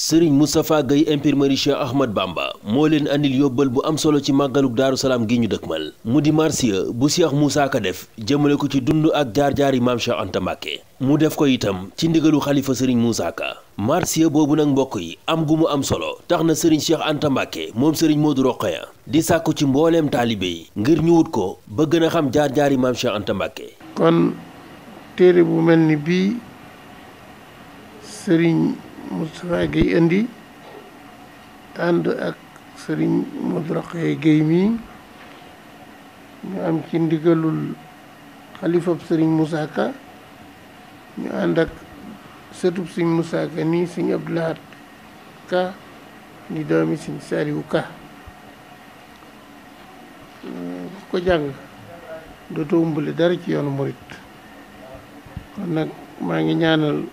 sëriñ Moustapha Gueye imprimerie Cheikh Ahmad Bamba moo leen indi yóbbal bu am solo ci màggaluk Daaru Salaam gi ñu dëkkmal mu di marsiya bu Cheikh Moussa Ka def jëmale ko ci dund ak jaar-jaari maam Cheikh Anta mu def ko itam ci ndigalu xalifa sëriñ Moussa Ka marsiya boobu nag mbokk yi am gu mu am solo tax na sëriñ Cheikh Anta moom sëriñ Modou Rokhaya di sàkku ci mbooleem taalibe yi ngir ñu wut ko ba gën a xam jaar-jaari maam Cheikh Anta Mbàkke ni bii mustafa gay indi and ak Serigne Modou gay mi ñu am ci ndigalul khalifa Serigne Moussa Ka ñu and ak setup Serigne Moussa Ka ni Serigne Abdou Ka ni doomi Serigne Saliou Ka ko ko do to umbale dara ci yoonu murit kon nak ma ngi ñaanal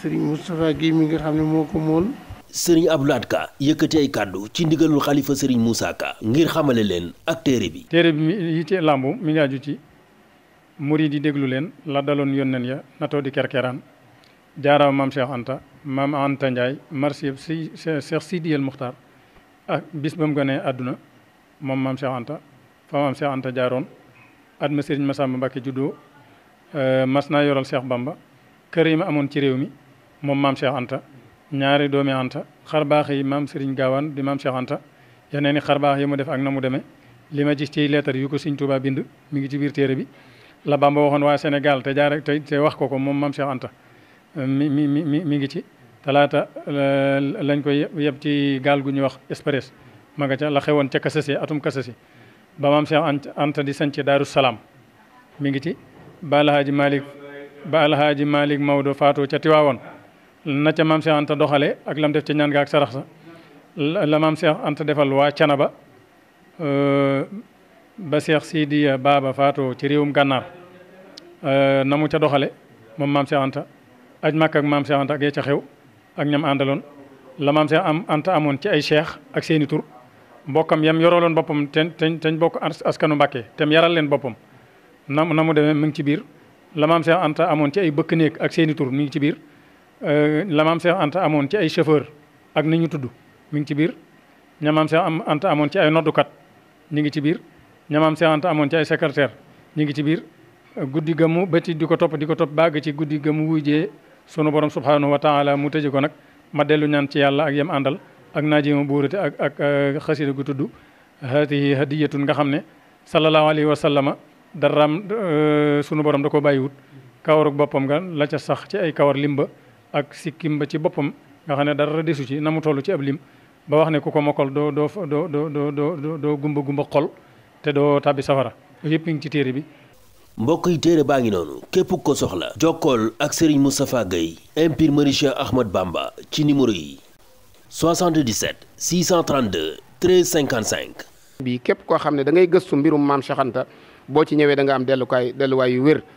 Serigne Moustapha gi mi nga xamne moko mol Serigne abdoulat Ka yëkkati ay kaddu ci ndigalul khalifa Serigne Moussa Ka ngir xamale len ak téere bi. téere bi yi lambu mi nga aju mouride deglu len la dalon yonnen ya nato di kerkeran jaaraaw mam Cheikh Anta mam Anta ndjay marsi Cheikh Sidi El mukhtar ak bis bam gone aduna mom mam Cheikh Anta fa mam Cheikh Anta jaron, at ma Serigne massa Mbacke juddoo euh, mas naa yoral Cheikh Bamba kërëm amon ci réew mi. moom maam Cheikh Anta ñaari doomi Anta xarbaax yi maam Serigne Gaawaan di maam Cheikh Anta yeneen i xarbaax yi mu def ak na mu demee li ma gis ci leetar yu ko Serigne Touba mi ngi ci biir téere bi la Bamba waxoon waa Sénégal te jaare te te wax ko ko moom maam Cheikh Anta mi mi mi mi ngi ci talaata lañ koy yeb ci gaal gu ñuy wax Express ma nga ca la xewoon ca kasasi atum kasasi ba maam seex Anta di sanc Daaru Salaam mi ngi ci ba Alhaaji Malick ba Alhaaji Malick faatu ca Tiwaawoon na ca maam Cheikh Anta doxale ak lam def ca ñaan ga ak sarax sa la maam Anta defal waa Canaba euh, ba Cheikh Sidiya Baba faatoo ci réewum gànnaar euh, na mu ca doxale moom maam Cheikh Anta ak maam Cheikh Anta ak ca xew ak ñam àndaloon la maam am Anta amoon ci ay cheikh ak seeni tur mbokkam yam yoroloon boppam te teñ bokk askanu mbake tem yaral leen boppam na na mu demee mu ngi ci biir la maam Cheikh Anta amoon ci ay bëkk ak seeni tur mu ngi ci biir Euh, la mam Cheikh Anta amone ci ay chauffeur ak niñu tuddu mi ngi ci bir ña maam Cheikh Anta amoon ci ay kat, ñi ngi ci bir ña maam Cheikh Anta amoon ci ay secrétaire ñi ngi ci bir guddi gamu beti diko top, diko top bag ci guddi gëmu wujjee sunu borom subhanahu wa taala mu teji ko nak ma delu ñaan ci yalla ak yam andal ak najima burati ak ak euh, xasida gu tuddu hadihi hadiyatun nga xamne sallallahu alayhi wa sallama daraam euh, sunu borom dako bayiwut kawruk bopam boppam nga la ca sax ci ay kawar limba ak sikkim ba ci boppam nga xam ne dara desu ci na mu toll ci ab lim ba wax ne ku ko mokkal doo doo doo doo doo doo gumba gumba xol te doo tàbbi safara yëpp mi ngi ci téere bi. mbokk yi téere baa ngi noonu képp ko soxla. jokkool ak Serigne Moustapha Gueye imprimerie Cheikh Ahmad Bamba ci numéro yi. 77 632 13 55. bii képp koo xam ne da ngay gëstu mbirum maam Cheikh boo ci ñëwee da nga am dellukaay delluwaay yu wér.